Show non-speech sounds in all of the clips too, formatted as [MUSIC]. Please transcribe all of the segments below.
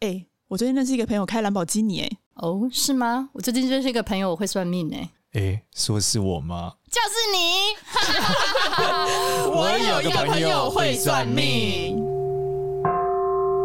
哎、欸，我最近認識一個朋友開藍寶堅尼哎、欸，哦、oh, 是嗎？我最近認識一個朋友我會算命哎、欸，哎、欸、說是我嗎？就是你， [LAUGHS] [LAUGHS] 我有一個朋友會算命。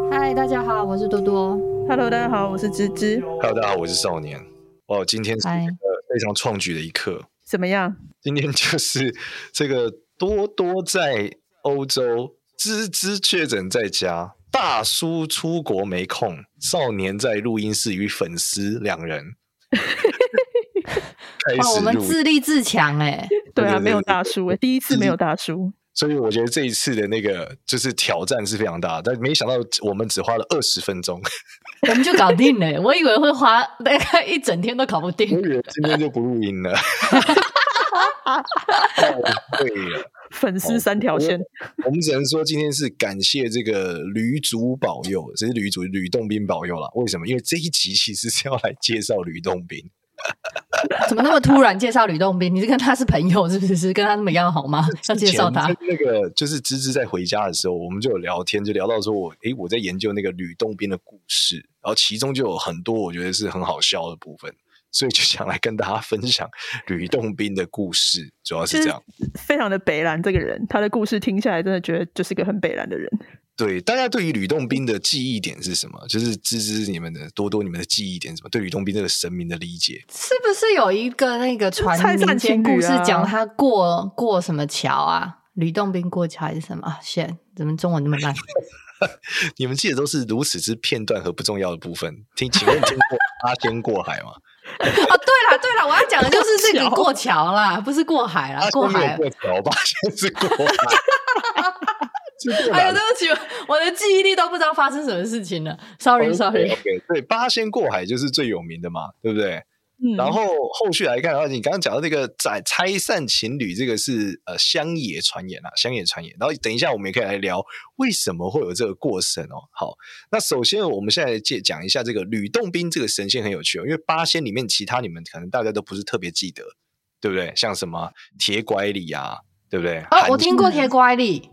嗨，大家好，我是多多。Hello，大家好，我是芝芝。Hello，大家好，我是少年。哦、wow，今天是一個非常創舉的一刻。Hi. 怎麼樣？今天就是這個多多在歐洲，芝芝確診在家。大叔出國沒空，少年在錄音室與粉絲兩人開始錄音 [LAUGHS] 我們自立自強哎、欸，對啊，沒有大叔哎、欸，對對對，第一次沒有大叔，所以我覺得這一次的那個就是挑戰是非常大，但沒想到我們只花了二十分鐘， [LAUGHS] 我們就搞定了，欸。我以為會花大概一整天都搞不定，我以為今天就不錄音了。 [LAUGHS] 啊，對了，粉絲三條線我。我們只能說今天是感謝這個呂祖保佑，這是呂祖呂洞賓保佑了。為什麼？因為這一集其實是要來介紹呂洞賓。 [LAUGHS] 怎麼那麼突然介紹呂洞賓？你是跟他是朋友是不是？跟他那麼一樣好嗎？要介紹他。那個就是芝芝在回家的時候，我們就有聊天，就聊到說，我、欸、哎，我在研究那個呂洞賓的故事，然後其中就有很多我覺得是很好笑的部分。所以就想來跟大家分享呂洞賓的故事，主要是這樣。非常的北蘭這個人，他的故事聽下來，真的覺得就是一個很北蘭的人。對，大家對於呂洞賓的記憶點是什麼？就是知知你們的多多你們的記憶點是什麼？對呂洞賓這個神明的理解，是不是有一個那個傳民間故事講他過、啊、過什麼橋啊？呂洞賓過橋還是什麼？先、啊、怎麼中文那麼爛？ [LAUGHS] 你們記得都是如此之片段和不重要的部分。聽，請問聽過八仙過海嗎？ [LAUGHS] [LAUGHS] 哦，對了對了，我要講的就是這個過橋啦，橋不是過海啦，過海、啊、過橋，八仙是過海。 [LAUGHS] [LAUGHS] 過哎呀，對不起，我的記憶力都不知道發生什麼事情了，sorry sorry。Okay, OK，對，八仙過海就是最有名的嘛，對不對？嗯、然後後續來看，然後你剛剛講到那個在拆散情侶，這個是呃鄉野傳言啊，鄉野傳言。然後等一下我們也可以來聊為什麼會有這個過程哦。好，那首先我們現在借講一下這個呂洞賓這個神仙很有趣哦，因為八仙裡面其他你們可能大家都不是特別記得，對不對？像什麼鐵拐李啊，對不對？啊、哦，我聽過鐵拐李。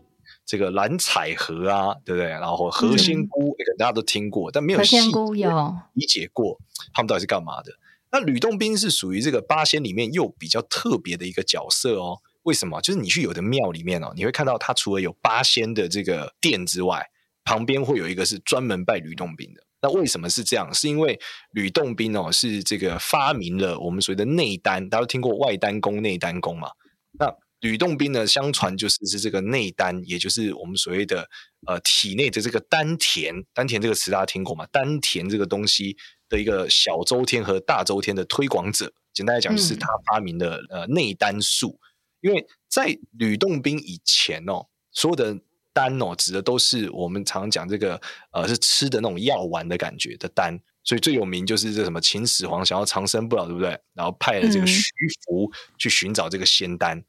這個藍采和啊，對不對？然後何仙姑，可能、嗯、大家都聽過，但沒有，細，何仙姑有，沒理解過他們到底是幹嘛的。那呂洞賓是屬於這個八仙裡面又比較特別的一個角色哦。為什麼？就是你去有的廟裡面哦，你會看到他除了有八仙的這個殿之外，旁邊會有一個是專門拜呂洞賓的。那為什麼是這樣？是因為呂洞賓哦，是這個發明了我們所謂的內丹。大家都聽過外丹功、內丹功嘛。那呂洞賓呢，相傳就是是這個內丹，也就是我們所謂的呃體內的這個丹田。丹田這個詞大家聽過嗎？丹田這個東西。的一個小周天和大周天的推廣者，簡單來講是他發明的呃內丹術。嗯、因為在呂洞賓以前哦，所有的丹哦指的都是我們常講這個呃是吃的那種藥丸的感覺的丹，所以最有名就是這什麼秦始皇想要長生不老，對不對？然後派了這個徐福去尋找這個仙丹，嗯、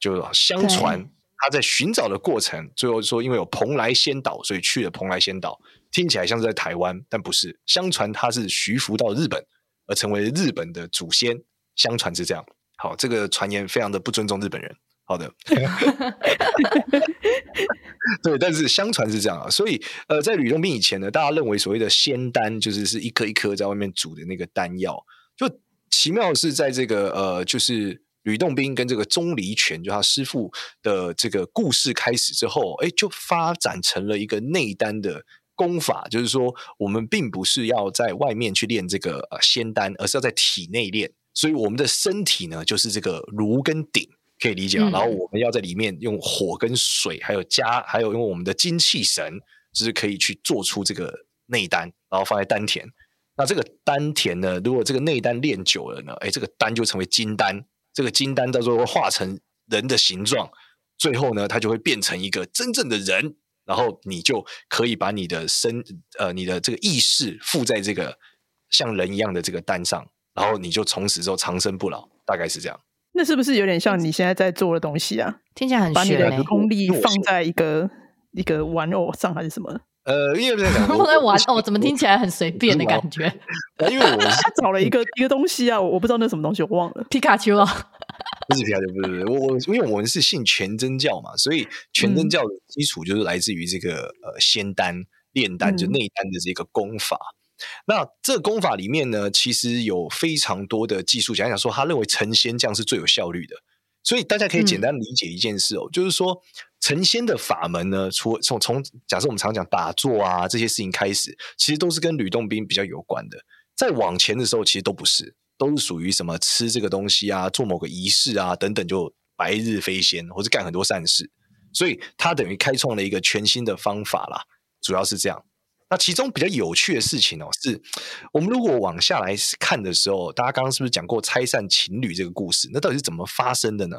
就相傳對他在尋找的過程，最後說因為有蓬萊仙島，所以去了蓬萊仙島。聽起來像是在台灣，但不是。相傳他是徐福到日本而成為日本的祖先，相傳是這樣。好，這個傳言非常的不尊重日本人。好的， [LAUGHS] 對，但是相傳是這樣啊。所以，呃，在呂洞賓以前呢，大家認為所謂的仙丹就是是一顆一顆在外面煮的那個丹藥。就奇妙的是在這個呃，就是呂洞賓跟這個鍾離權就他師父的這個故事開始之後，哎、欸，就發展成了一個內丹的。功法就是說，我們並不是要在外面去煉這個呃仙丹，而是要在體內煉。所以我們的身體呢，就是這個爐跟鼎可以理解啊，嗯、然後我們要在裡面用火跟水，還有加，還有用我們的精氣神，就是可以去做出這個內丹，然後放在丹田。那這個丹田呢，如果這個內丹煉久了呢，哎，這個丹就成為金丹。這個金丹到時候會化成人的形狀，最後呢，它就會變成一個真正的人。然後你就可以把你的身，呃，你的這個意識附在這個像人一樣的這個蛋上，然後你就從此之後長生不老，大概是這樣。那是不是有點像你現在在做的東西啊？聽起來很像把你的功力放在一個事一個玩偶上還是什麼？呃，因為我在 [LAUGHS] 在玩偶，怎麼聽起來很隨便的感覺？因為我、啊、 [LAUGHS] 他找了一個一個東西啊，我我不知道那什麼東西，我忘了，皮卡丘啊、哦。不是不是，不是，不是我我，因為我們是信全真教嘛，所以全真教的基礎就是來自於這個、嗯、呃仙丹煉丹，就內丹的這個功法。嗯、那這個功法裡面呢，其實有非常多的技術。講講說，他認為成仙這樣是最有效率的。所以大家可以簡單理解一件事哦，嗯、就是說成仙的法門呢，除了從從從假設我們常講打坐啊這些事情開始，其實都是跟呂洞賓比較有關的。再往前的時候，其實都不是。都是屬於什麼吃這個東西啊，做某個儀式啊等等，就白日飛仙，或是幹很多善事，所以他等於開創了一個全新的方法啦，主要是這樣。那其中比較有趣的事情哦、喔，是我們如果往下來看的時候，大家剛剛是不是講過拆散情侶這個故事？那到底是怎麼發生的呢？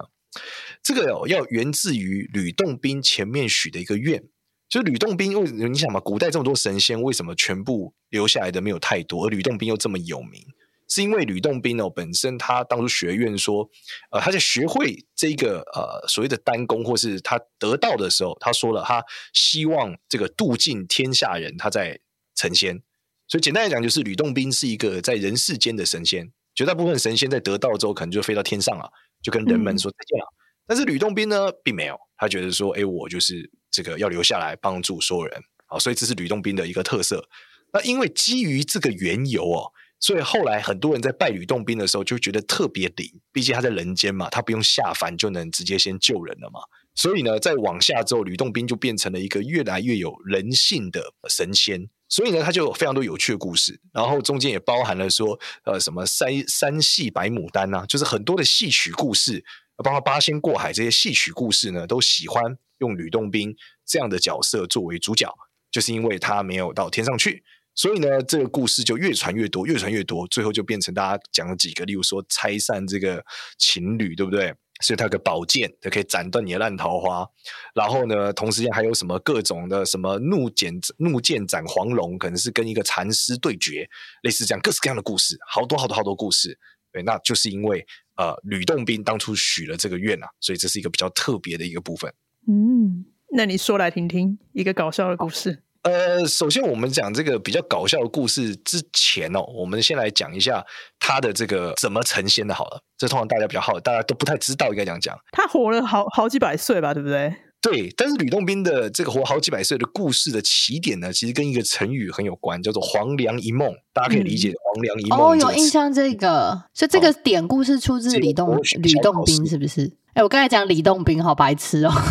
這個、喔、要源自於呂洞賓前面許的一個願，就是呂洞賓，為你想嘛，古代這麼多神仙，為什麼全部留下來的沒有太多？而呂洞賓又這麼有名。是因為呂洞賓哦，本身他當初學院說，呃，他在學會這個呃所謂的丹功，或是他得道的時候，他說了，他希望這個渡盡天下人，他在成仙。所以簡單來講，就是呂洞賓是一個在人世間的神仙。絕大部分神仙在得道之後，可能就飛到天上了，啊，就跟人們說再見了。嗯。但是呂洞賓呢，並沒有，他覺得說，哎，我就是這個要留下來幫助所有人啊，所以這是呂洞賓的一個特色。那因為基於這個緣由哦。所以後來很多人在拜呂洞賓的時候就覺得特別靈，畢竟他在人間嘛，他不用下凡就能直接先救人了嘛。所以呢，再往下之後，呂洞賓就變成了一個越來越有人性的神仙。所以呢，他就有非常多有趣的故事。然後中間也包含了說，呃，什麼三三戲白牡丹啊，就是很多的戲曲故事，包括八仙過海這些戲曲故事呢，都喜歡用呂洞賓這樣的角色作為主角，就是因為他沒有到天上去。所以呢，這個故事就越傳越多，越傳越多，最後就變成大家講了幾個，例如說拆散這個情侶，對不對？所以他有個寶劍，他可以斬斷你的爛桃花。然後呢，同時間還有什麼各種的什麼怒剪怒劍斬黃龍，可能是跟一個禪師對決，類似這樣各式各樣的故事，好多好多好多故事。對，那就是因為呃，呂洞賓當初許了這個願啊，所以這是一個比較特別的一個部分。嗯，那你說，來聽聽一個搞笑的故事。呃，首先我們講這個比較搞笑的故事之前哦，我們先來講一下他的這個怎麼成仙的好了。這通常大家比較好，大家都不太知道，應該怎樣講。他活了好好幾百歲吧，對不對？對。但是呂洞賓的這個活好幾百歲的故事的起點呢，其實跟一個成語很有關，叫做“黃粱一夢”。大家可以理解“黃粱一夢”嗯。哦，有印象這個，嗯、所以這個典故是出自李洞呂洞賓，李洞賓是不是？哎，我剛才講李洞賓，好白痴哦。 [LAUGHS]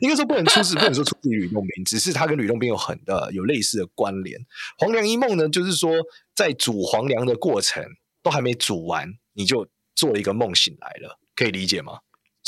應該說不能出自，不能說出自呂洞賓，只是他跟呂洞賓有很的，有類似的關聯。黃粱一夢呢，就是說在煮黃粱的過程都還沒煮完，你就做了一個夢醒來了，可以理解嗎？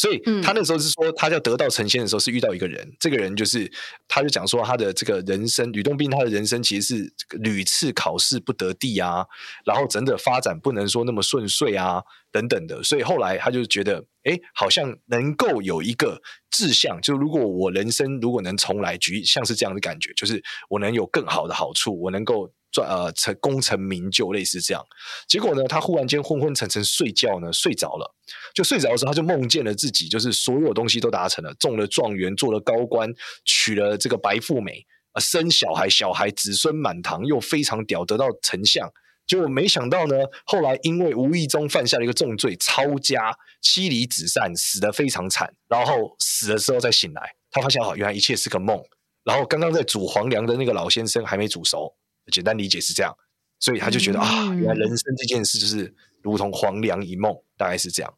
所以他那時候是說，他要得道成仙的時候是遇到一個人，嗯、這個人就是，他就講說他的這個人生，呂洞賓他的人生其實是屢次考試不得第啊，然後真的發展不能說那麼順遂啊，等等的，所以後來他就覺得，哎、欸，好像能夠有一個志向，就如果我人生如果能重來舉，就像是這樣的感覺，就是我能有更好的好處，我能夠。做，呃成功成名就類似這樣，結果呢，他忽然間昏昏沉沉睡覺呢，睡着了。就睡着的時候，他就夢見了自己，就是所有東西都達成了，中了狀元，做了高官，娶了這個白富美，啊，生小孩，小孩，子孫滿堂，又非常屌，得到丞相。結果沒想到呢，後來因為無意中犯下了一個重罪，抄家，妻離子散，死得非常慘。然後死的時候再醒來，他發現哦，原來一切是個夢。然後剛剛在煮黃粱的那個老先生還沒煮熟。簡單理解是這樣，所以他就覺得啊，原來人生這件事就是如同黃粱一夢，大概是這樣。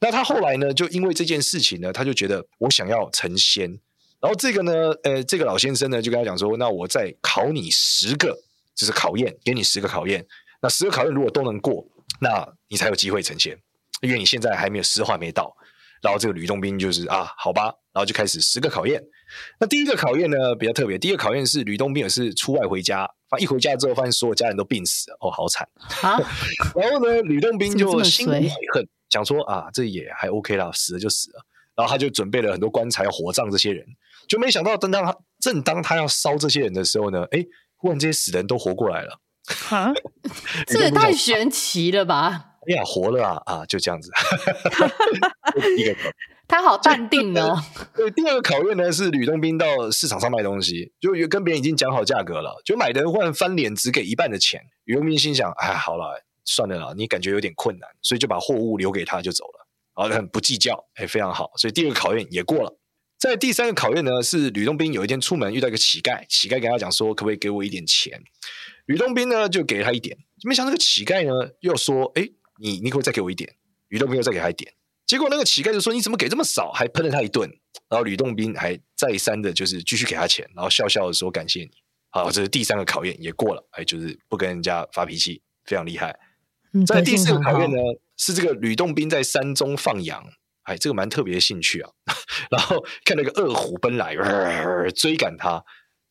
那他後來呢，就因為這件事情呢，他就覺得我想要成仙。然後這個呢，呃，這個老先生呢，就跟他講說，那我再考你十個，就是考驗，給你十個考驗。那十個考驗如果都能過，那你才有機會成仙，因為你現在還沒有時運沒到。然後這個呂洞賓就是啊，好吧，然後就開始十個考驗。那第一個考驗呢，比較特別，第一個考驗是呂洞賓也是出外回家。一回家之後，發現所有家人都病死了，哦，好慘！啊， [LAUGHS] 然後呢，呂洞賓就心懷恨，麼麼，想說啊，這也還 OK 啦，死了就死了。然後他就準備了很多棺材要火葬這些人，就沒想到正當他正當他要燒這些人的時候呢，誒、欸，忽然這些死人都活過來了，哈、啊， [LAUGHS] 這也太神奇了吧！哎呀，活了啊啊，就這樣子。一個考驗，他好淡定哦。對，第二個考驗呢是呂洞賓到市場上賣東西，就跟別人已經講好價格了，就買的人忽然翻臉，只給一半的錢。呂洞賓心想：“哎，好了，算了啦，你感覺有點困難，所以就把貨物留給他就走了，然後很不計較，哎，非常好。所以第二個考驗也過了。在第三個考驗呢，是呂洞賓有一天出門遇到一個乞丐，乞丐跟他講說：可不可以給我一點錢？呂洞賓呢就給他一點，沒想到那個乞丐呢又說：哎。你你可以再給我一點，呂洞賓又再給他一點，結果那個乞丐就說你怎麼給這麼少？還噴了他一頓，然後呂洞賓還再三的，就是繼續給他錢，然後笑笑的說感謝你。好，這是第三個考驗也過了，哎，就是不跟人家發脾氣，非常厲害。在、嗯、第四個考驗呢，嗯、是這個呂洞賓在山中放羊，哎，這個蠻特別的興趣啊，然後看那個二虎奔來，呃、追趕他。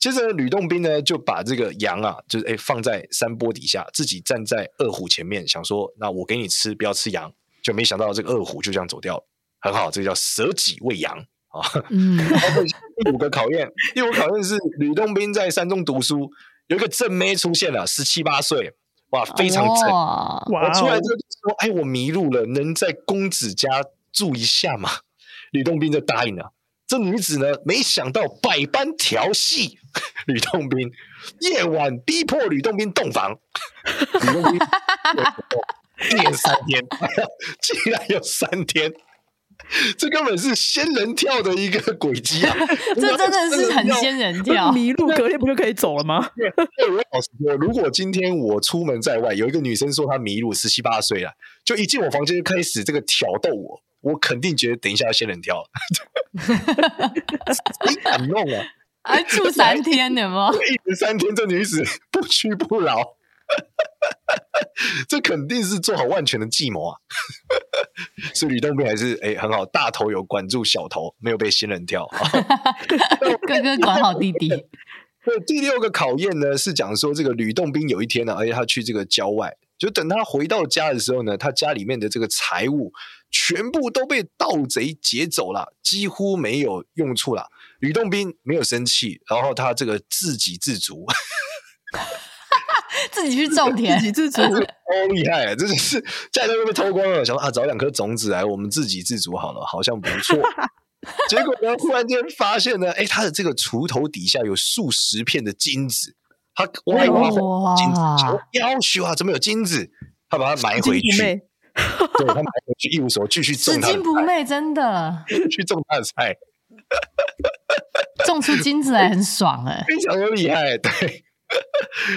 接着，呂洞賓呢就把這個羊啊，就是、欸、放在山坡底下，自己站在二虎前面，想說：“那我給你吃，不要吃羊。”就沒想到這個二虎就這樣走掉了。很好，這個、叫舍己為羊啊。嗯。第五個考驗，第五個 [LAUGHS] 考驗是呂洞賓在山中讀書，有一個正妹出現了，十七八歲，哇，非常正。哇。我出來之後就說：“哎、欸，我迷路了，能在公子家住一下嗎？”呂洞賓就答應了。這女子呢，沒想到百般調戲呂洞賓，夜晚逼迫呂洞賓洞房，呂 [LAUGHS] 洞賓練 [LAUGHS] [LAUGHS] 三天，竟然有三天，這根本是仙人跳的一個詭計啊！ [LAUGHS] 這真的是很仙人跳， [LAUGHS] 迷路隔天不就可以走了嗎？我老實說，如果今天我出門在外，有一個女生說她迷路，十七八歲了，就一進我房間就開始這個挑逗我。我肯定覺得等一下要仙人跳，你敢弄啊？還住三天的嗎？一直三天，這女子不屈不撓， [LAUGHS] 這肯定是做好萬全的計謀啊！所以呂洞賓還是哎、欸、很好，大頭有管住小頭，沒有被仙人跳、啊。 [LAUGHS] [LAUGHS] 哥哥管好弟弟 [LAUGHS] 。對，第六個考驗呢是講說這個呂洞賓有一天呢、啊，而且他去這個郊外，就等他回到家的時候呢，他家裡面的這個財物全部都被盜賊劫走了，幾乎沒有用處了。呂洞賓沒有生氣，然後他這個自給自足， [LAUGHS] 自己去種田， [LAUGHS] 自己自足，哦，厲害，真的是家裡面都被偷光了，想說啊，找兩顆種子來，我們自給自足好了，好像不錯。 [LAUGHS] 結果呢，忽然間發現呢，哎，他的這個鋤頭底下有數十片的金子，他哇哇哇，要求、哦、啊，怎麼有金子？他把它埋回去。 [LAUGHS] 對，他買回去一無所，繼續種的是拾金不昧，真的 [LAUGHS] 去種他的菜， [LAUGHS] 種出金子來，很爽哎、欸， [LAUGHS] 非常有厲害。對， [LAUGHS]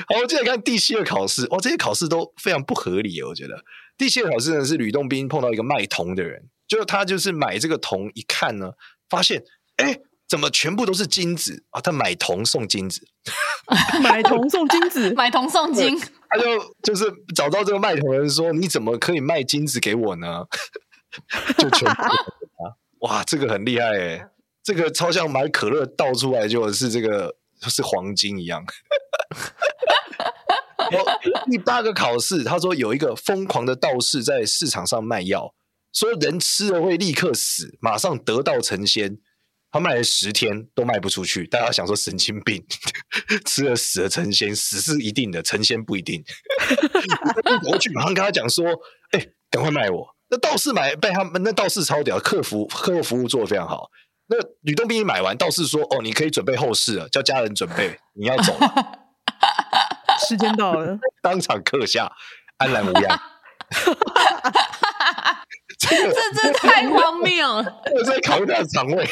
好，我們接着看第七個考試，哇，這些考試都非常不合理，我覺得。第七個考試呢是呂洞賓碰到一個賣銅的人，就是他就是買這個銅，一看呢，發現哎、欸，怎麼全部都是金子啊？他買銅送金子， [LAUGHS] 買銅送金子， [LAUGHS] 買銅送金。他就就是找到這個賣頭人說：“你怎麼可以賣金子給我呢？” [LAUGHS] 就全部給他。 [LAUGHS] 哇，這個很厲害耶，這個超像買可樂倒出來就是這個、就是黃金一樣。 [LAUGHS] 我第八個考試，他說有一個瘋狂的道士在市場上賣藥，說人吃了會立刻死，馬上得道成仙。他賣了十天都賣不出去，大家想說神經病，呵呵，吃了死的成仙，死是一定的，成仙不一定。我 [LAUGHS] [LAUGHS] 去，馬上跟他講說，哎、欸，趕快賣我！那道士買被他們那道士超屌，客服客戶服務做得非常好。那呂洞賓一買完，道士說，哦，你可以準備後事了，叫家人準備，你要走了 [LAUGHS] 時間到了， [LAUGHS] 當場刻下，安然無恙。 [LAUGHS] [LAUGHS] [LAUGHS] 這真太荒謬了！我在考慮他的腸胃，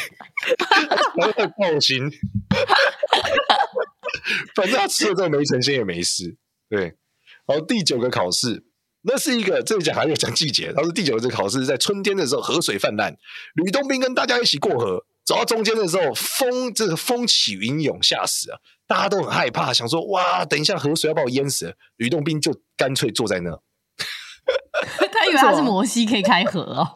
我很放心。反正他吃了之後沒成仙也沒事。對，然後第九個考試，那是一個這個講，還有講季節。他說第九個考試在春天的時候，河水氾濫，呂洞賓跟大家一起過河，走到中間的時候，風這個風起雲湧，嚇死啊！大家都很害怕，想說哇，等一下河水要把我淹死。呂洞賓就乾脆坐在那。 [LAUGHS] 他以為他是摩西，可以開河哦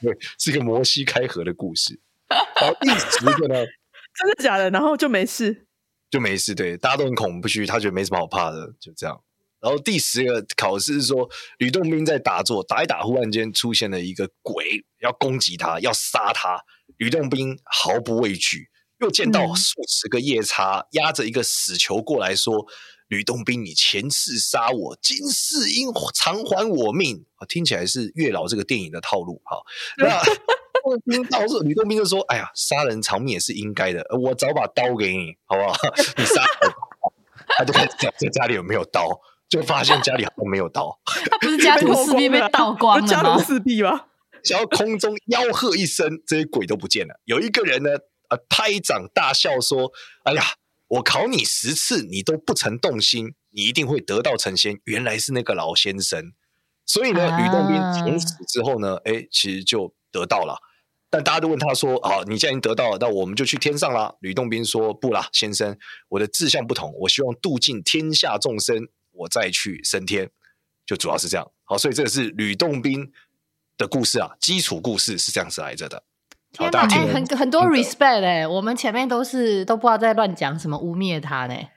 什。 [LAUGHS] 對，是一個摩西開河的故事。然後第十個呢？ [LAUGHS] 真的假的？然後就沒事，就沒事。對，大家都很恐怖，他覺得沒什麼好怕的，就這樣。然後第十個考試是說，呂洞賓在打坐，打一打，忽然間出現了一個鬼要攻擊他，要殺他。呂洞賓毫不畏懼，又見到數十個夜叉壓着、嗯、一個死囚過來說。呂洞賓，你前世殺我，今世應償還我命。聽起來是《月老》這個電影的套路哈。對 那呂洞賓就說：“哎呀，殺人償命也是應該的，我找把刀給你，好不好？你殺。” [LAUGHS] 他就開在在家裡有沒有刀，就發現家裡好像沒有刀， [LAUGHS] 他不是家徒四壁被盜光了嗎？然後人好空中吆喝一聲，這些鬼都不見了。有一個人呢，啊、呃，拍掌大笑說：“哎呀！”我考你十次，你都不曾動心，你一定會得道成仙，原來是那個老先生。所以呢，呂洞賓從此之後呢，哎、欸，其實就得道了。但大家都問他說：“啊，你既然得道了，那我們就去天上啦。”呂洞賓說：“不啦，先生，我的志向不同，我希望度盡天下眾生，我再去升天。”就主要是這樣。好，所以這個是呂洞賓的故事啊，基礎故事是這樣子來着的。天吶，哎、欸，很、嗯、很多 respect 哎、欸，嗯、我們前面都是都不知道在亂講什麼汙衊他呢、欸。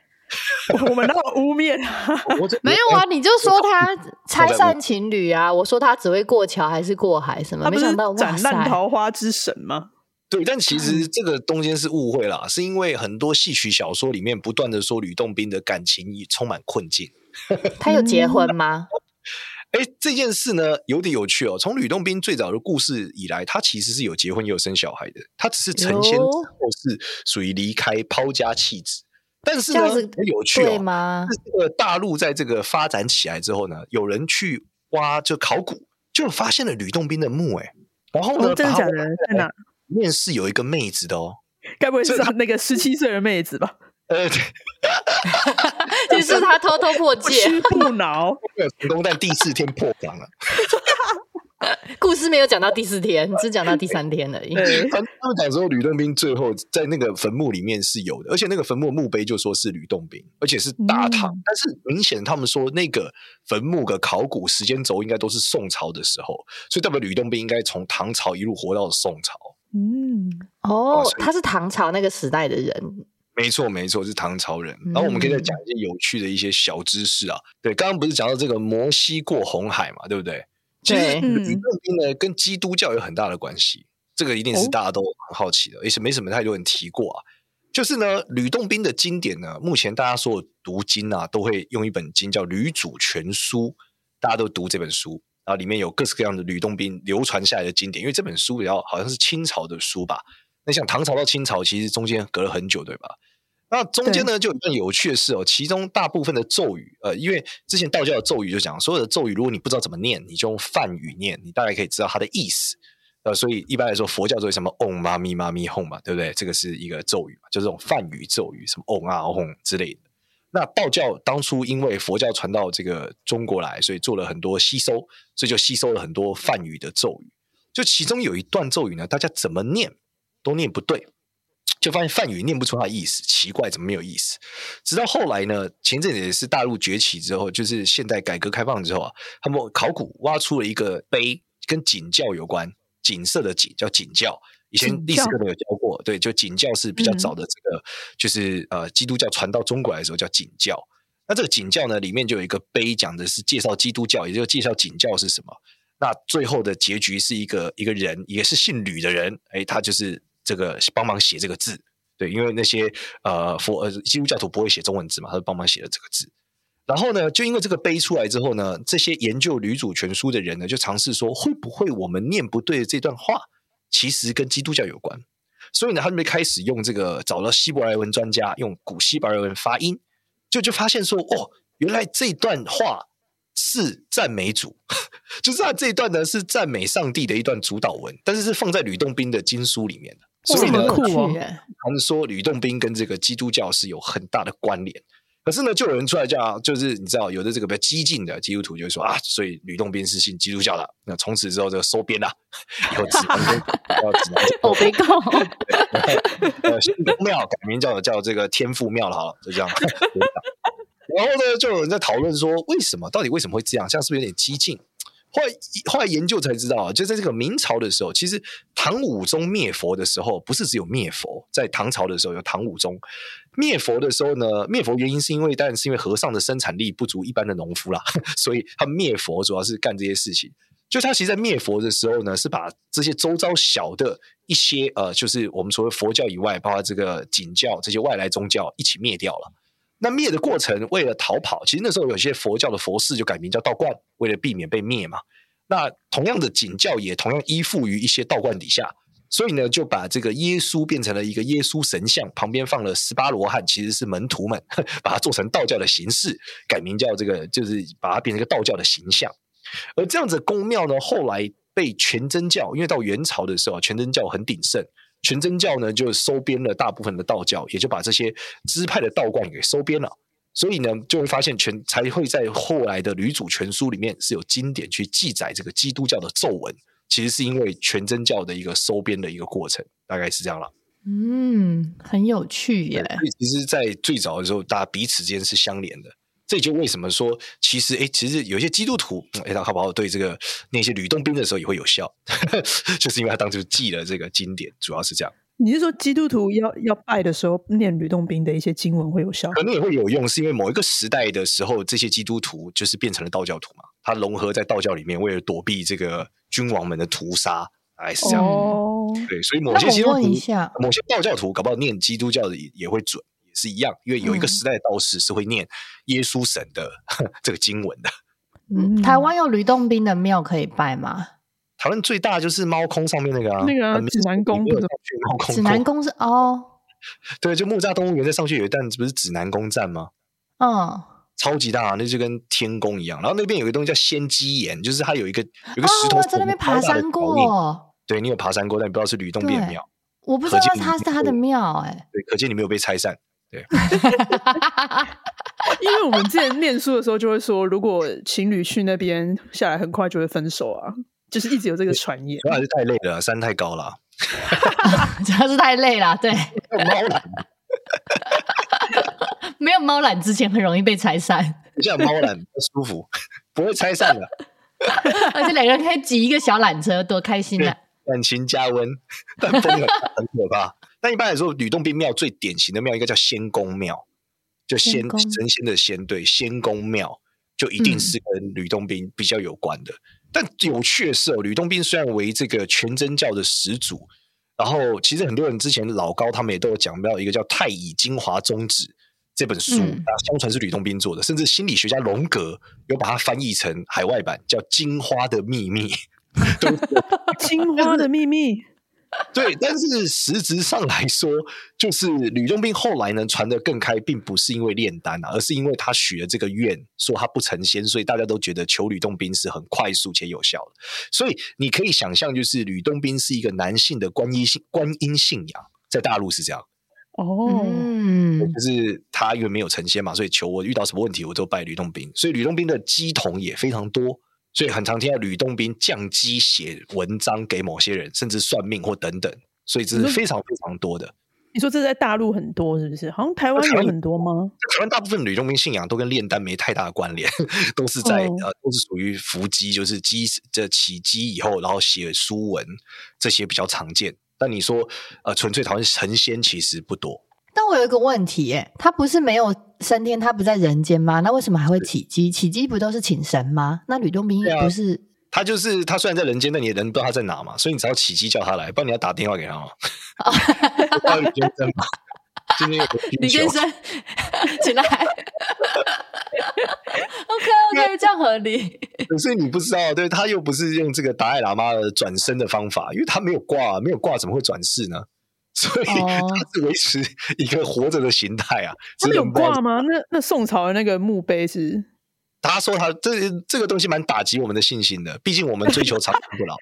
[LAUGHS] 我們那麼汙衊他、啊？ [LAUGHS] 沒有啊，你就說他拆散情侶啊，我說他只會過橋還是過海什麼？不是沒想到斬爛桃花之神嗎？對，但其實這個東西是誤會啦，是因為很多戲曲小說裡面不斷的說呂洞賓的感情充滿困境。 [LAUGHS] [LAUGHS] 他有結婚嗎？嗯哎、欸，這件事呢有點有趣哦。從呂洞賓最早的故事以來，他其實是有結婚又生小孩的。他只是成仙之後是屬於離開、拋家棄子。哦、但是呢，很有趣哦，是這個大陸在這個發展起來之後呢，有人去挖，就考古，就發現了呂洞賓的墓。哎，然後呢，真的假的？在哪？裡面是有一個妹子的哦，該不會是他那個十七歲的妹子吧？呃，就 [LAUGHS] 是他偷偷破戒，不屈不撓。沒有成功，但第四天破防了。故事沒有講到第四天， [LAUGHS] 只講到第三天了對。他們講說呂洞賓最後在那個墳墓裡面是有的，而且那個墳墓墓碑就說是呂洞賓，而且是大唐。嗯、但是明顯他們說那個墳墓的考古時間軸應該都是宋朝的時候，所以代表呂洞賓應該從唐朝一路活到了宋朝。嗯，哦，他是唐朝那個時代的人。沒錯，沒錯，是唐朝人。然後我們可以再講一些有趣的一些小知識啊。嗯嗯對，剛剛不是講到這個摩西過紅海嘛，對不對？其實呂洞賓呢，跟基督教有很大的關係，這個一定是大家都很好奇的，哦、也是沒什麼太多人提過啊。就是呢，呂洞賓的經典呢，目前大家所有讀經啊，都會用一本經叫《呂祖全書》，大家都讀這本書，然後裡面有各式各樣的呂洞賓流傳下來的經典。因為這本書也要好像是清朝的書吧？那像唐朝到清朝，其實中間隔了很久，對吧？那中間呢，對就有一段有趣的事哦，其中大部分的咒語，呃，因為之前道教的咒語就講，所有的咒語如果你不知道怎麼念，你就用梵語念，你大概可以知道它的意思。呃，所以一般來說佛教作為什麼嗡，媽咪媽咪哄嘛，嗯、對不對？這個是一個咒語，就這種梵語咒語，什麼嗡啊嗡之類的。那道教當初因為佛教傳到這個中國來，所以做了很多吸收，所以就吸收了很多梵語的咒語。就其中有一段咒語呢，大家怎麼念都念不對。就發現梵語念不出它的意思，奇怪，怎麼沒有意思？直到後來呢，前陣子也是大陸崛起之後，就是現在改革開放之後啊，他們考古挖出了一個碑，跟景教有關，景色的景叫景教。以前歷史課都有教過，嗯、對，就景教是比較早的這個，就是呃，基督教傳到中國來的時候叫景教。那這個景教呢，裡面就有一個碑，講的是介紹基督教，也就是介紹景教是什麼。那最後的結局是一個一個人，也是姓呂的人，誒、欸，他就是。這個幫忙寫這個字，對，因為那些呃佛呃基督教徒不會寫中文字嘛，他就幫忙寫了這個字。然後呢，就因為這個碑出來之後呢，這些研究《呂祖全書》的人呢，就嘗試說會不會我們念不對的這段話，其實跟基督教有關。所以呢，他就開始用這個找到希伯來文專家，用古希伯來文發音，就就發現說哦，原來這段話是讚美主， [LAUGHS] 就是他這一段呢是讚美上帝的一段主禱文，但是是放在呂洞賓的經書裡面的。所以呢，很酷哦，他們說呂洞賓跟這個基督教是有很大的關聯，可是呢，就有人出來叫，就是你知道，有的這個比較激進的基督徒就會說啊，所以呂洞賓是信基督教的，那從此之後就收編了，有子，有子， [LAUGHS] 我被告，呃，信公 [LAUGHS] [LAUGHS] 廟改名叫叫這個天父廟了，好了，就這樣， [LAUGHS] 然後呢，就有人在討論說，為什麼，到底為什麼會這樣，這樣是不是有點激進。後來，後來研究才知道啊，就在這個明朝的時候，其實唐武宗滅佛的時候，不是只有滅佛。在唐朝的時候，有唐武宗滅佛的時候呢，滅佛原因是因為，當然是因為和尚的生產力不足一般的農夫啦，所以他滅佛主要是幹這些事情。就他其實在滅佛的時候呢，是把這些周遭小的一些呃，就是我們所謂佛教以外，包括這個景教這些外來宗教一起滅掉了。那滅的過程，為了逃跑，其實那時候有些佛教的佛寺就改名叫道觀，為了避免被滅嘛。那同樣的景教也同樣依附於一些道觀底下，所以呢，就把這個耶穌變成了一個耶穌神像，旁邊放了十八羅漢，其實是門徒們，把它做成道教的形式，改名叫這個，就是把它變成一個道教的形象。而這樣子的宮廟呢，後來被全真教，因為到元朝的時候啊，全真教很鼎盛。全真教呢，就收編了大部分的道教，也就把這些支派的道觀給收編了。所以呢，就會發現全才會在後來的《呂祖全書》裡面是有經典去記載這個基督教的咒文。其實是因為全真教的一個收編的一個過程，大概是這樣啦。嗯，很有趣耶。所以，其實，在最早的時候，大家彼此間是相連的。這就為什麼說，其實哎，其實有些基督徒哎，他搞不好對這個那些呂洞賓的時候也會有效， [LAUGHS] 就是因為他當初記了這個經典，主要是這樣。你是說基督徒要要拜的時候念呂洞賓的一些經文會有效？可能也會有用，是因為某一個時代的時候，這些基督徒就是變成了道教徒嘛，他融合在道教裡面，為了躲避這個君王們的屠殺，哎，是這樣的。哦。對，所以某些基督徒，某些道教徒，搞不好念基督教也也會準。是一樣，因為有一個時代的道士是會念耶穌神的、嗯、呵呵這個經文的。嗯，台灣有呂洞賓的廟可以拜嗎？台灣最大的就是貓空上面那個啊，那個指、啊呃、南宮。指南宮是哦， [LAUGHS] 對，就木柵動物園再上去有一站，不是指南宮站嗎？嗯、哦，超級大、啊，那就跟天宮一樣。然後那邊有一個東西叫仙跡岩，就是它有一個有一個石頭、哦、我在那邊爬山過。對，你有爬山過，但你不知道是呂洞賓的廟。我不知道它是他的廟，哎，對，可見你沒有被拆散。他 [LAUGHS] 因為我們之前念書的時候就會說，如果情侶去那邊下來，很快就會分手啊。就是一直有這個傳言，主要是太累了，山太高了。 [LAUGHS] 主要是太累了，對。沒有貓纜， [LAUGHS] 沒有貓纜之前很容易被拆散。這像貓纜不舒服，不會拆散的。 [LAUGHS] 而且兩個人可以擠一個小纜車，多開心啊！感情加溫，但風很，很可怕。但一般來說，呂洞賓廟最典型的廟應該叫仙公廟，就仙真仙，公仙的仙對仙公廟，就一定是跟呂洞賓比較有關的。嗯、但有趣的是哦，呂洞賓雖然為這個全真教的始祖，然後其實很多人之前老高他們也都有講到一個叫《太乙金華宗旨》這本書，啊、嗯，相傳是呂洞賓做的，甚至心理學家榮格有把它翻譯成海外版叫《金花的秘密》，哈哈 [LAUGHS] [LAUGHS] 《金花的秘密》。 [LAUGHS] 對，但是實質上來說，就是呂洞賓後來呢傳得更開，並不是因為煉丹啊，而是因為他許了這個願，說他不成仙，所以大家都覺得求呂洞賓是很快速且有效的。所以你可以想象，就是呂洞賓是一個男性的觀音信觀音信仰，在大陸是這樣。哦，就、嗯、是他因為沒有成仙嘛，所以求我遇到什麼問題，我都拜呂洞賓。所以呂洞賓的乩童也非常多。所以很常聽到呂洞賓降乩寫文章給某些人，甚至算命或等等，所以這是非常非常多的。嗯，你說這是在大陸很多是不是？好像台灣也有很多嗎？台灣大部分呂洞賓信仰都跟煉丹沒太大的關聯，都是在呃，都是屬於扶乩，就是乩這起乩以後，然後寫書文這些比較常見。但你說呃，純粹討論神仙，其實不多。我有一個問題、欸，哎，他不是沒有升天，他不在人間嗎？那為什麼還會起乩是起乩不都是請神嗎？那呂洞賓也不是，啊，他就是他雖然在人間，但你也不知道他在哪嘛，所以你只要起乩叫他來，不然你要打電話給他嘛。你先生，起來。 [LAUGHS] [LAUGHS] OK OK，這樣合理。 [LAUGHS] 可是你不知道，對他又不是用這個達賴喇，喇嘛的轉生的方法，因為他沒有掛，沒有掛怎麼會轉世呢？所以他是維持一個活着的形態啊。這、哦、有掛嗎？那那宋朝的那個墓碑是？他說他這這個東西蠻打擊我們的信心的，畢竟我們追求長生不老。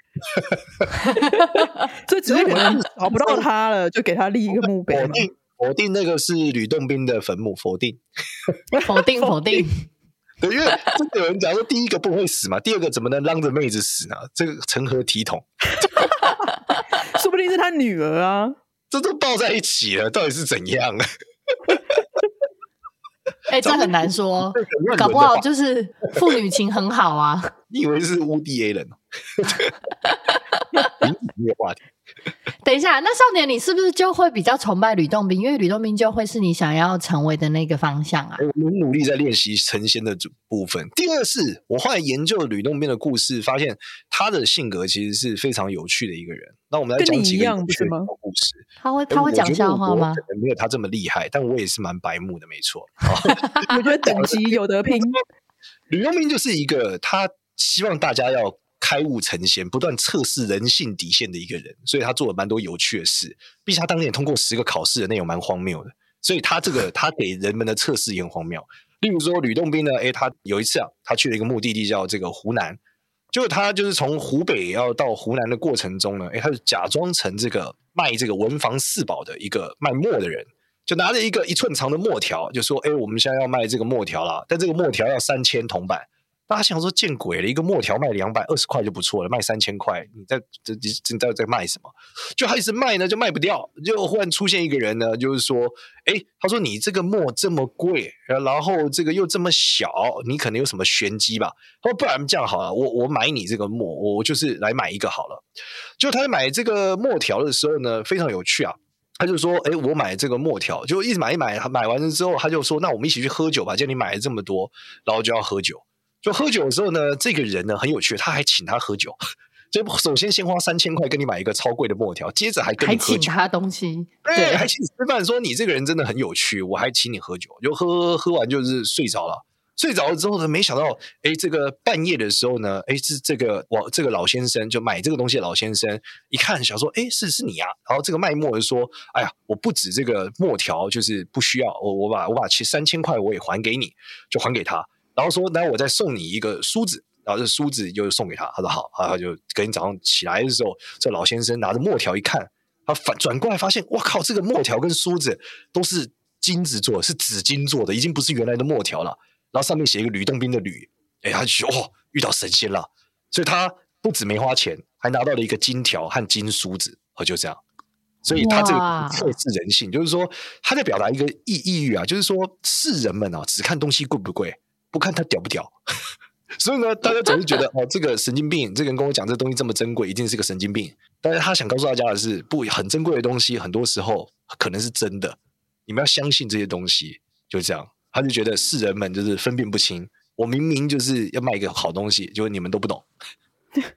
[LAUGHS] [LAUGHS] 所以只是我們找不到他了，以就給他立一個墓碑。否定否定那個是呂洞賓的墳墓。否定否定 [LAUGHS] 否定。否定對，因為這個人講說第一個不會死嘛， [LAUGHS] 第二個怎麼能讓着妹子死呢？這個成何體統？ [LAUGHS] [LAUGHS] 說不定是他女兒啊。這都抱在一起了，到底是怎樣？哎，這很難說，搞不好就是父女情很好啊。你以為是烏迪 A 人？你有哈！哈話題。等一下，那少年，你是不是就會比較崇拜呂洞賓？因為呂洞賓就會是你想要成為的那個方向啊！我努力在練習成仙的部部分。第二是，我後來研究呂洞賓的故事，發現他的性格其實是非常有趣的一個人。那我們來講幾個的一個故事嗎？他會他會講笑話嗎？沒有他這麼厲害，但我也是蠻白目的，沒錯。 [LAUGHS] [LAUGHS] 我覺得等級有得拼。呂洞賓就是一個他希望大家要。開悟成仙，不斷測試人性底線的一個人，所以他做了蠻多有趣的事。畢竟他當年也通過十個考試，那也蠻荒謬的。所以他這個他給人們的測試也很荒謬。例如說，呂洞賓呢，誒，他有一次啊，他去了一個目的地叫這個湖南，就他就是從湖北要到湖南的過程中呢，誒，他就假裝成這個賣這個文房四寶的一個賣墨的人，就拿着一個一寸長的墨條，就說：“誒，我們現在要賣這個墨條了，但這個墨條要三千銅板。”大家想說見鬼了，一個墨條賣兩百二十塊就不錯了，賣三千塊，你在這你在你在在賣什麼？就他一直賣呢，就賣不掉。就忽然出現一個人呢，就是說，哎，他說你這個墨這麼貴，然後這個又這麼小，你可能有什麼玄機吧？他說不然這樣好了，我我買你這個墨，我就是來買一個好了。就他買這個墨條的時候呢，非常有趣啊。他就說，哎，我買這個墨條，就一直買一買，買完了之後他就說，那我們一起去喝酒吧。既然你買了這麼多，然後就要喝酒。就喝酒的時候呢，這個人呢很有趣，他還請他喝酒。就 [LAUGHS] 首先先花三千塊跟你買一個超貴的墨條，接着還跟你還請他東西，欸、對，還請你吃飯，對說你這個人真的很有趣，我還請你喝酒。就喝喝完就是睡着了，睡着了之後呢，沒想到，哎、欸，這個半夜的時候呢，哎、欸，是這個我這個老先生就買這個東西的老先生，一看想說，哎、欸，是是你呀、啊？然後這個賣墨的說，哎呀，我不止這個墨條，就是不需要，我把我把我把其三千塊我也還給你，就還給他。然後說，那我再送你一個梳子，然後這梳子就送給他。他說好，然後就隔天早上起來的時候，這老先生拿着墨條一看，他反轉過來發現，哇靠，這個墨條跟梳子都是金子做的，是紫金做的，已經不是原來的墨條了。然後上面寫一個呂洞賓的呂，哎，他就說，哇、哦，遇到神仙了。所以他不止沒花錢，還拿到了一個金條和金梳子，就這樣。所以他這個測試人性，哇就是說他在表達一個意意欲啊，就是說世人們啊，只看東西貴不貴。不看他屌不屌， [LAUGHS] 所以呢，大家總是覺得 [LAUGHS] 哦，這個神經病，這個人跟我講這東西這麼珍貴，一定是個神經病。但是他想告訴大家的是，不，很珍貴的東西，很多時候可能是真的，你們要相信這些東西，就這樣。他就覺得世人們就是分辨不清，我明明就是要賣一個好東西，就你們都不懂，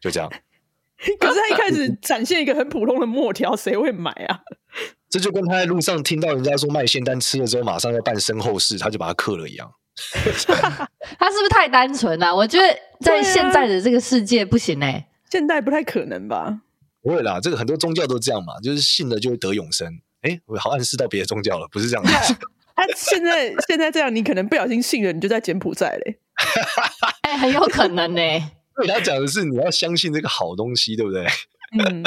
就這樣。 [LAUGHS] 可是他一開始展現一個很普通的墨條，誰會買啊？ [LAUGHS] 這就跟他在路上聽到人家說賣仙丹，吃了之後馬上要辦身後事，他就把它刻了一樣。 [LAUGHS] 他是不是太單純了？啊？我覺得在現在的這個世界不行呢、欸啊。現在不太可能吧？不會啦，這個很多宗教都這樣嘛，就是信了就會得永生。哎、欸，我好暗示到別的宗教了，不是這樣子。 [LAUGHS] 他現在現在這樣，你可能不小心信了，你就在柬埔寨嘞。哎、 [LAUGHS] 欸，很有可能呢、欸。你要講的是你要相信這個好東西，對不對？ [LAUGHS] 嗯。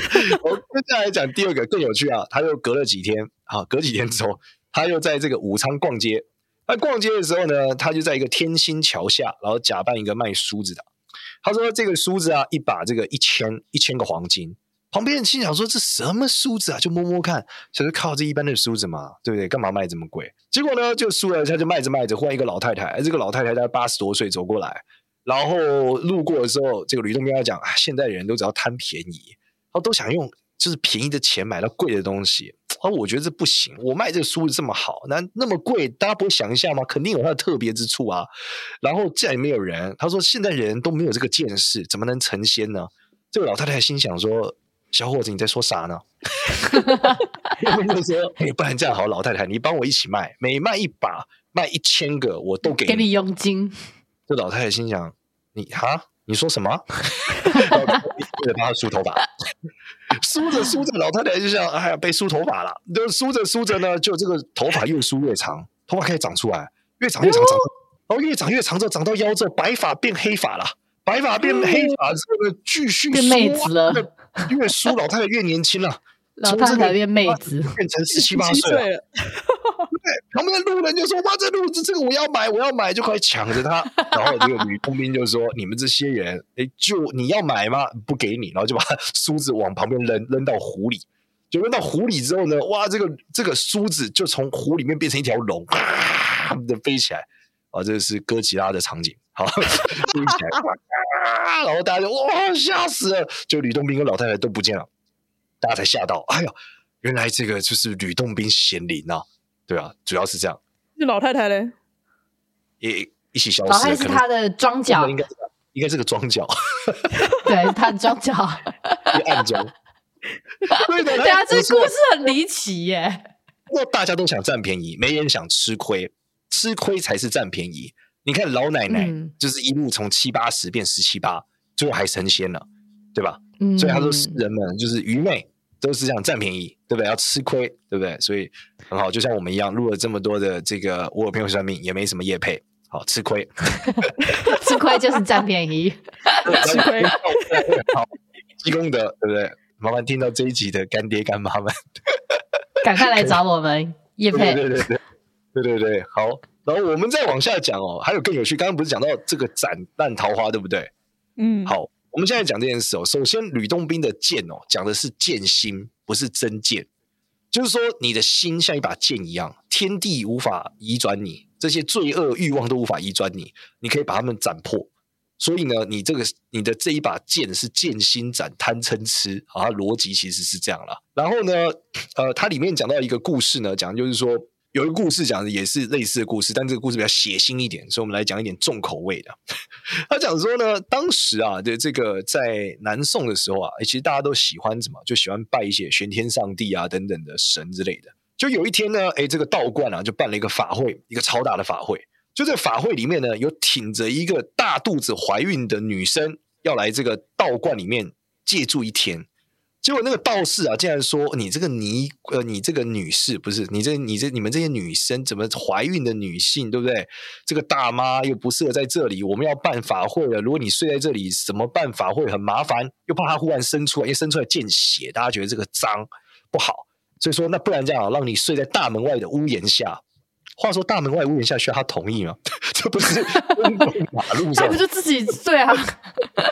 [LAUGHS] 我接下來講第二個更有趣啊！他又隔了幾天，啊、隔幾天之後，他又在這個武昌逛街。他逛街的時候呢，他就在一個天心橋下，然後假扮一個賣梳子的。他說：“這個梳子啊，一把這個一千一千個黃金。”旁邊人心想說：“說這什麼梳子啊？”就摸摸看，想說：“靠，這一般的梳子嘛，對不對？幹嘛賣這麼貴？”結果呢，就輸了，他就賣着賣着，忽然一個老太太，這個老太太大概八十多歲走過來，然後路過的時候，這個呂洞賓要講、啊：現在人都只要貪便宜。都想用就是便宜的錢買到貴的東西，而我覺得這不行。我賣這個梳子這麼好，那那麼貴，大家不會想一下嗎？肯定有它的特別之處啊。然後既然也沒有人，他說現在人都沒有這個見識，怎麼能成仙呢？這個老太太心想說：“小夥子，你在說啥呢？”我 [LAUGHS] [LAUGHS] 說：“哎、欸，不然這樣好，老太太，你幫我一起賣，每賣一把賣一千個，我都給你佣金。”這老太太心想：“你哈？”你說什麼？為了幫梳頭髮，梳着梳着，老太太，太就這樣：哎呀，被梳頭髮了。就梳着梳着呢，就這個頭髮越梳越長，頭髮可以長出來，越長越長，長，長呦，然長、哦、越長越長，這長，長到腰這，白髮變黑髮了，白髮變黑髮，繼續變妹子了，越梳老太太越年輕了 [LAUGHS] 老太太太，老太太變妹子，變成十七八歲歲。 [LAUGHS] 欸、旁邊的路人就說：“哇，這梳子，這個我要買，我要買，就快搶着他。然後這個呂洞賓就說：“ [LAUGHS] 你們這些人，欸、就你要買嗎？不給你。”然後就把梳子往旁邊扔，扔到湖裡。就扔到湖裡之後呢，哇，這個這個梳子就從湖裡面變成一條龍， [LAUGHS] 的飛起來。啊，這是哥吉拉的場景，好 [LAUGHS] 飛起來，啊！ [LAUGHS] 然後大家就哇，嚇死了，就呂洞賓跟老太太都不見了，大家才嚇到。哎呀，原來這個就是呂洞賓顯靈啊！對啊，主要是這樣。那老太太嘞，也一,一起消失。老太太是她的樁腳，應該應該是個樁腳。 [LAUGHS] 對，她的樁腳，暗樁。 [LAUGHS] [LAUGHS] 對啊， [LAUGHS] 對啊，這故事很離奇耶。那大家都想佔便宜，沒人想吃虧，吃虧才是佔便宜。你看老奶奶，嗯、就是一路從七八十變十七八，最後還成仙了，對吧？嗯、所以她說人，人們就是愚昧。都是想占便宜，對不對？要吃虧，對不對？所以很好，就像我們一樣，錄了這麼多的這個我有朋友算命，也沒什麼業配，好吃虧， [LAUGHS] [LAUGHS] 吃虧就是占便宜，吃虧對 [LAUGHS] 好積 [LAUGHS] 功德，對不對？麻煩聽到這一集的乾爹乾媽、媽們，趕快來找我們業以配，對對對對、對對對，好。然後我們再往下講哦，還有更有趣。剛剛不是講到這個斬爛桃花，對不對？嗯，好。我們現在講這件事哦。首先，呂洞賓的劍哦，講的是劍心，不是真劍。就是說，你的心像一把劍一樣，天地無法移轉你，這些罪惡慾望都無法移轉你，你可以把他們斬破。所以呢，你這個你的這一把劍是劍心斬貪嗔癡啊，邏輯其實是這樣了。然後呢，呃，它裡面講到一個故事呢，講的就是說。有一個故事講的也是類似的故事，但這個故事比較血腥一點，所以我們來講一點重口味的。 [LAUGHS] 他講說呢，當時啊，對，這個在南宋的時候啊、欸，其實大家都喜歡什麼，就喜歡拜一些玄天上帝啊等等的神之類的。就有一天呢，哎、欸，這個道觀啊，就辦了一個法會，一個超大的法會。就在法會裡面呢，有挺着一個大肚子懷孕的女生要來這個道觀裡面借住一天。結果那個道士啊，竟然說你這個你呃，你這個女士不是你這你這你們這些女生怎麼懷孕的女性對不對？這個大媽又不適合在這裡，我們要辦法會了。如果你睡在這裡，什麼辦法會很麻煩，又怕她忽然生出來，因為生出來見血，大家覺得這個髒不好，所以說那不然這樣啊，讓你睡在大門外的屋檐下。話說大門外屋簷下需要他同意嗎？ [LAUGHS] 這不是在馬路上，不 [LAUGHS] 就是自己 [LAUGHS] 對啊？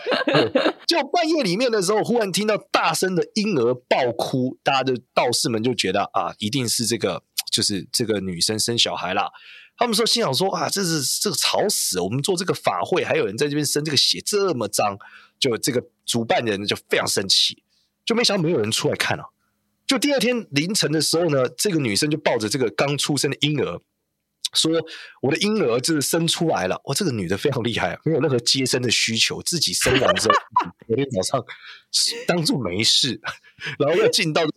[LAUGHS] 就半夜裡面的時候，忽然聽到大聲的嬰兒爆哭，大家的道士們就覺得啊，一定是這個就是這個女生生小孩了。他們說心想說啊，這是這個吵死我們做這個法會，還有人在這邊生這個血這麼髒，就這個主辦人就非常生氣，就沒想到沒有人出來看啊。就第二天凌晨的時候呢，這個女生就抱着這個剛出生的嬰兒。說我的嬰兒就是生出來了，哇，這個女的非常厲害、啊，沒有任何接生的需求，自己生完之後，昨天 [LAUGHS] 早上，當做沒事，然後又進到宮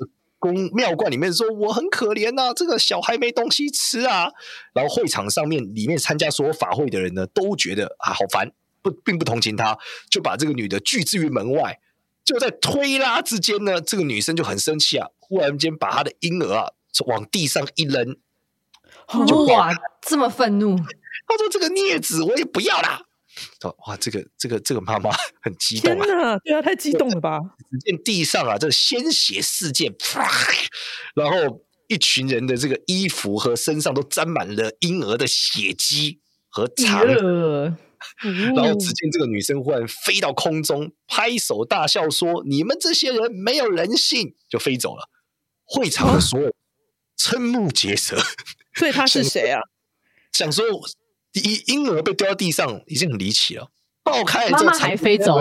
廟觀裡面說 [LAUGHS] 我很可憐吶、啊，這個小孩沒東西吃啊，然後會場上面裡面參加所有法會的人呢都覺得啊好煩，不並不同情她，就把這個女的拒之於門外，就在推拉之間呢，這個女生就很生氣啊，忽然間把她的嬰兒啊往地上一扔。哇！這麼憤怒，他說：“這個孽子，我也不要了。”哇，這個這個這個媽媽很激動、啊。”天哪，對、啊、太激動了吧！只見地上啊，這鮮血四濺，然後一群人的這個衣服和身上都沾滿了嬰兒的血跡和腸。呃呃、然後只見這個女生忽然飛到空中，拍手大笑說：“你們這些人沒有人性！”就飛走了。會場的所有瞠目結舌。對，所以他是誰啊，想，想說，一嬰兒被丟到地上已經很離奇了，爆開之後才飛走，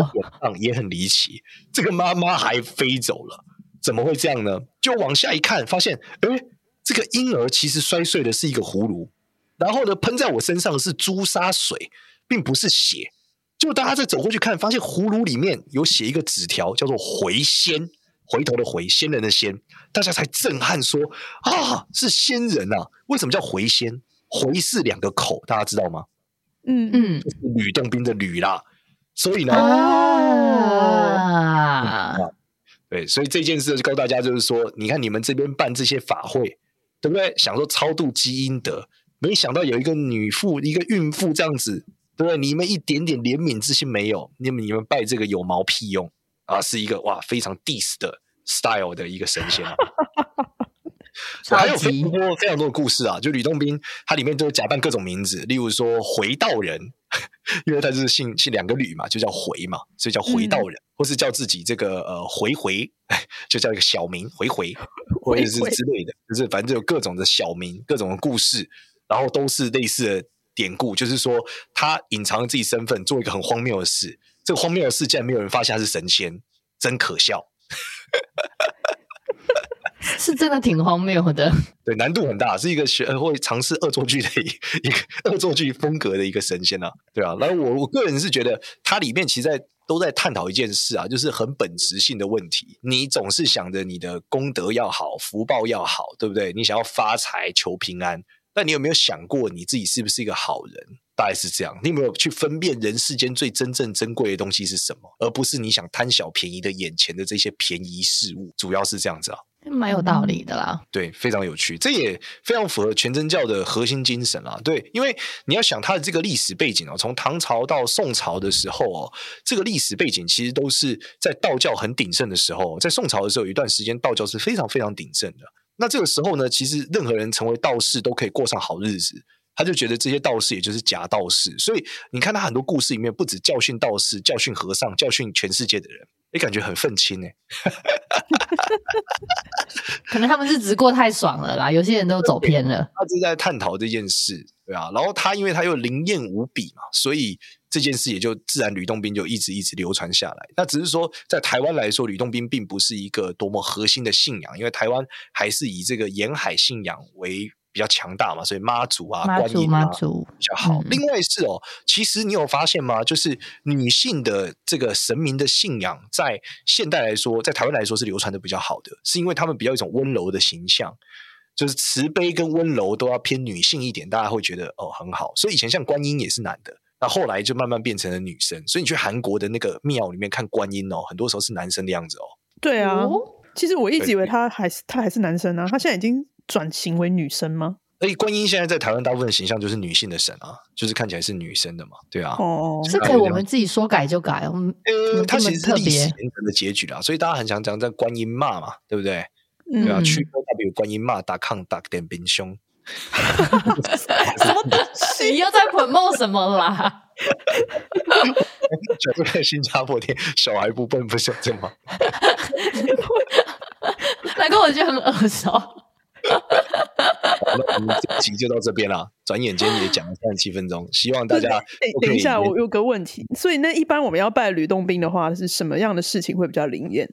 也很離奇。這個媽媽還飛走了，怎麼會這樣呢？就往下一看，發現，哎、欸，這個嬰兒其實摔碎的是一個葫蘆，然後呢，噴在我身上的是朱砂水，並不是血。就當他在走過去看，發現葫蘆裡面有寫一個紙條，叫做回仙。回頭的回，仙人的仙，大家才震撼說啊，是仙人啊！為什麼叫回仙？回是兩個口，大家知道嗎？嗯嗯，呂洞賓的呂啦，所以呢，啊嗯啊，對，所以這件事告訴大家就是說，你看你們這邊辦這些法會，對不對？想說超度積陰德，沒想到有一個女婦，一個孕婦這樣子，對不對？你們一點點憐憫之心沒有，你們你們拜這個有毛屁用，哦？啊，是一個哇非常 diss 的 style 的一個神仙，啊 [LAUGHS] 極，還有很多非常多的故事啊，就呂洞賓他裡面都有假扮各種名字，例如說回道人，因為他是姓姓兩個呂嘛，就叫回嘛，所以叫回道人，嗯、或是叫自己這個呃回回，就叫一個小名回回，或者是之類的，回回就是反正就有各種的小名，各種的故事，然後都是類似的典故，就是說他隱藏了自己身份，做一個很荒謬的事。這個荒謬的世界沒有人發現他是神仙，真可笑， [LAUGHS] 是真的挺荒謬的。對，難度很大，是一個學會嘗試惡作劇的一個一個惡作劇風格的一個神仙啊。對啊，然後，我我個人是覺得它裡面其實在都在探討一件事啊，就是很本質性的問題。你總是想着你的功德要好，福報要好，對不對？你想要發財、求平安，但你有沒有想過你自己是不是一個好人？大概是這樣，你有沒有去分辨人世間最真正珍貴的東西是什麼，而不是你想貪小便宜的眼前的這些便宜事物，主要是這樣子啊，蠻有道理的啦。對，非常有趣，這也非常符合全真教的核心精神啦。對，因為你要想他的這個歷史背景哦，從唐朝到宋朝的時候哦，這個歷史背景其實都是在道教很鼎盛的時候，在宋朝的時候有一段時間道教是非常非常鼎盛的。那這個時候呢，其實任何人成為道士都可以過上好日子。他就覺得這些道士也就是假道士，所以你看他很多故事裡面，不止教訓道士，教訓和尚，教訓全世界的人，也感覺很憤青哎。可能他們日子過太爽了啦，有些人都走偏了。他就在探討這件事，對啊。然後他因為他又靈驗無比嘛，所以這件事也就自然呂洞賓就一直一直流傳下來。那只是說，在台灣來說，呂洞賓並不是一個多麼核心的信仰，因為台灣還是以這個沿海信仰為。比較強大嘛，所以媽祖啊，媽祖、觀音啊、媽祖、嗯、比較好。另外是哦，其實你有發現嗎？就是女性的這個神明的信仰，在現代來說，在台灣來說是流傳得比較好的，是因為他們比較一種溫柔的形象，就是慈悲跟溫柔都要偏女性一點，大家會覺得哦很好。所以以前像觀音也是男的，那後來就慢慢變成了女生。所以你去韓國的那個廟裡面看觀音哦，很多時候是男生的樣子哦。對啊，其實我一直以為他還是對他還是男生呢、啊，他現在已經。轉型為女生嗎？哎，觀音現在在台灣大部分的形象就是女性的神啊，就是看起來是女生的嘛，對啊，哦，是可以我們自己說改就改。呃、嗯，我們們特它其實是歷史形成的結局啊。所以大家很想講在觀音媽嘛，對不對？嗯、對啊，去如觀音媽打抗、打點冰、凶 [LAUGHS] [LAUGHS] 你又在捆夢什麼啦？小哥在新加坡天小孩不笨不曉得嗎？來 [LAUGHS] 跟 [LAUGHS] 我覺得很耳熟。 [LAUGHS] [LAUGHS] 好，我們這期就到這邊了。轉眼間也講了三十七分鐘，希望大家、欸。等一下，我有個問題。所以，那一般我們要拜呂洞賓的話，是什麼樣的事情會比較靈驗？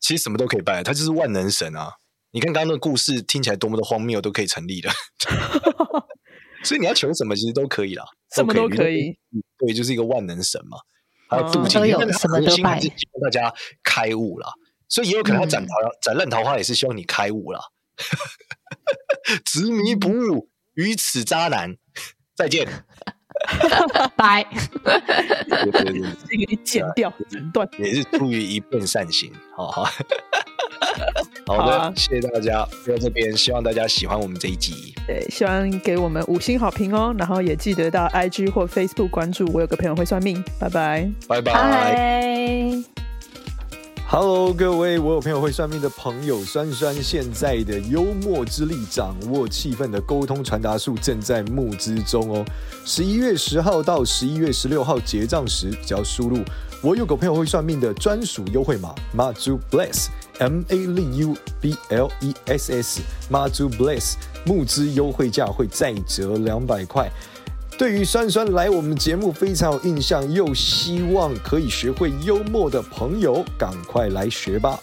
其實什麼都可以拜，他就是萬能神啊！你看剛剛那個故事聽起來多麼的荒謬，都可以成立的。 [LAUGHS] [LAUGHS] 所以你要求什麼，其實都可以了，以什麼都可以。對，就是一個萬能神嘛。還、啊、有渡劫，什麼都可以。是希望大家開悟了，所以也有可能他斬桃、斬爛、嗯、桃花，也是希望你開悟了。 [LAUGHS] 執迷不悟，與此渣男，再見，拜 [LAUGHS] Bye. [LAUGHS] 是。你剪掉，啊、斷，也是出於一片善心，好好。好的，好啊、謝謝大家在這邊，希望大家喜歡我們這一集，對，希望給我們五星好評哦，然後也記得到 IG 或 Facebook 關注。我有個朋友會算命，拜拜，拜拜 bye。哈嘍，Hello, 各位，我有朋友會算命的朋友，酸酸現在的幽默之力，掌握氣氛的溝通傳達術正在募資中哦。十一月十號到十一月十六號結賬時，只要輸入“我有個朋友會算命的”的專屬優惠碼 Mazu Bless M A L U B L E S S Mazu Bless，、e e、募資優惠價會再折兩百塊。對於酸酸來我們節目非常有印象，又希望可以學會幽默的朋友，趕快來學吧！